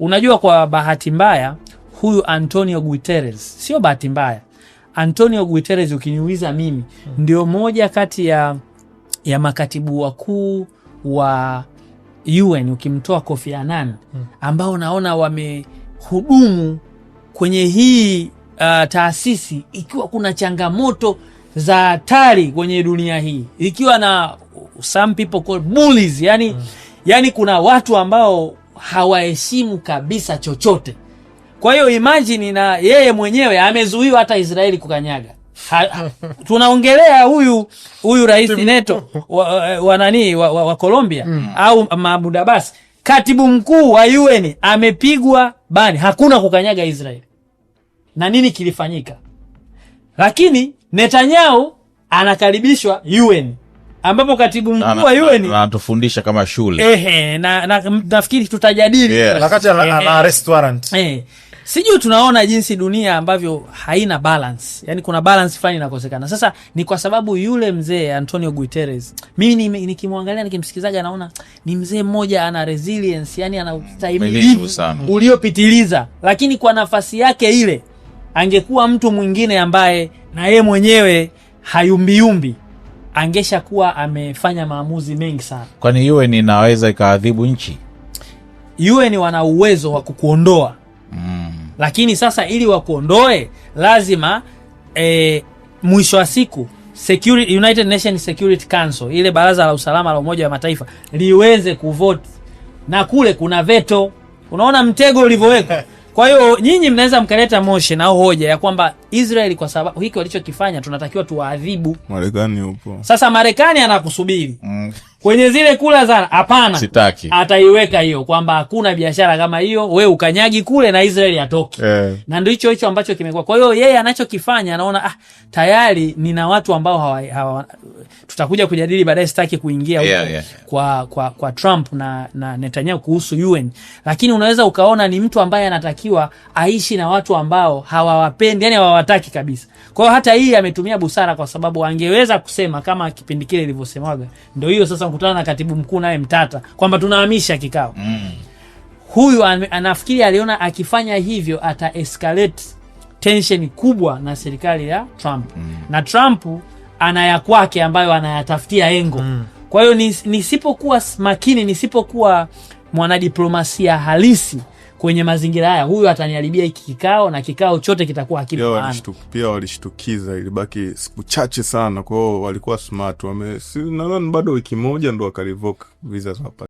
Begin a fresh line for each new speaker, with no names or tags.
Unajua, kwa bahati mbaya huyu Antonio Guterres, sio bahati mbaya, Antonio Guterres ukiniuliza mimi hmm, ndio moja kati ya, ya makatibu wakuu wa UN ukimtoa Kofi Annan hmm, ambao naona wamehudumu kwenye hii uh, taasisi ikiwa kuna changamoto za hatari kwenye dunia hii, ikiwa na some people call bullies, yani, hmm, yani kuna watu ambao hawaheshimu kabisa chochote. Kwa hiyo imajini, na yeye mwenyewe amezuiwa hata Israeli kukanyaga ha, tunaongelea huyu huyu rais Neto wa, wa, nani wa, wa, wa Colombia mm. au Mahmoud Abbas, katibu mkuu wa UN amepigwa bani, hakuna kukanyaga Israeli na nini kilifanyika, lakini Netanyahu anakaribishwa UN ambapo katibu mkuu wa UN
anatufundisha kama shule
ehe, na nafikiri na, tutajadili
yes. wakati ana arrest warrant
eh, sijui tunaona jinsi dunia ambavyo haina balance, yani kuna balance fulani inakosekana. Sasa ni kwa sababu yule mzee Antonio Guterres, mimi nikimwangalia nikimsikizaga, naona ni mzee mmoja ana resilience, yani ana ustahimilivu uliopitiliza, lakini kwa nafasi yake ile angekuwa mtu mwingine ambaye na yeye mwenyewe hayumbiyumbi angesha kuwa amefanya maamuzi mengi sana.
Kwani UN inaweza ikaadhibu nchi?
UN wana uwezo wa kukuondoa mm. Lakini sasa ili wakuondoe lazima e, mwisho wa siku Security, United Nations Security Council ile baraza la usalama la Umoja wa Mataifa liweze kuvoti na kule kuna veto. Unaona mtego ulivyowekwa. Kwa hiyo nyinyi mnaweza mkaleta motion na hoja ya kwamba Israeli kwa sababu hiki walichokifanya tunatakiwa tuwaadhibu.
Marekani upo.
Sasa Marekani anakusubiri. Mm. Kwenye zile kula za hapana. Sitaki. Ataiweka hiyo kwamba hakuna biashara kama hiyo, we ukanyagi kule na Israeli atoki. Eh. Na ndo hicho hicho ambacho kimekuwa. Kwa hiyo yeye anachokifanya anaona ah, tayari nina watu ambao hawa, hawa tutakuja kujadili baadaye, sitaki kuingia huko yeah, yeah. Kwa kwa kwa Trump na na Netanyahu kuhusu UN. Lakini unaweza ukaona ni mtu ambaye anatakiwa aishi na watu ambao hawawapendi, yani hawa hawataki kabisa. Kwa hata hii ametumia busara, kwa sababu angeweza kusema kama kipindi kile ilivyosemwaga, ndio hiyo sasa mkutana na katibu mkuu naye mtata kwamba tunahamisha kikao mm. Huyu anafikiri aliona akifanya hivyo ata escalate tension kubwa na serikali ya Trump mm. na Trump ana ya kwake ambayo anayatafutia engo mm. Kwa hiyo nisipokuwa makini, nisipokuwa mwanadiplomasia halisi kwenye mazingira haya huyu ataniharibia hiki kikao na kikao chote kitakuwa hakina
maana. Pia walishtukiza, ilibaki siku chache sana kwao, walikuwa smart wame, si nadhani bado wiki moja ndo wakarivoka visa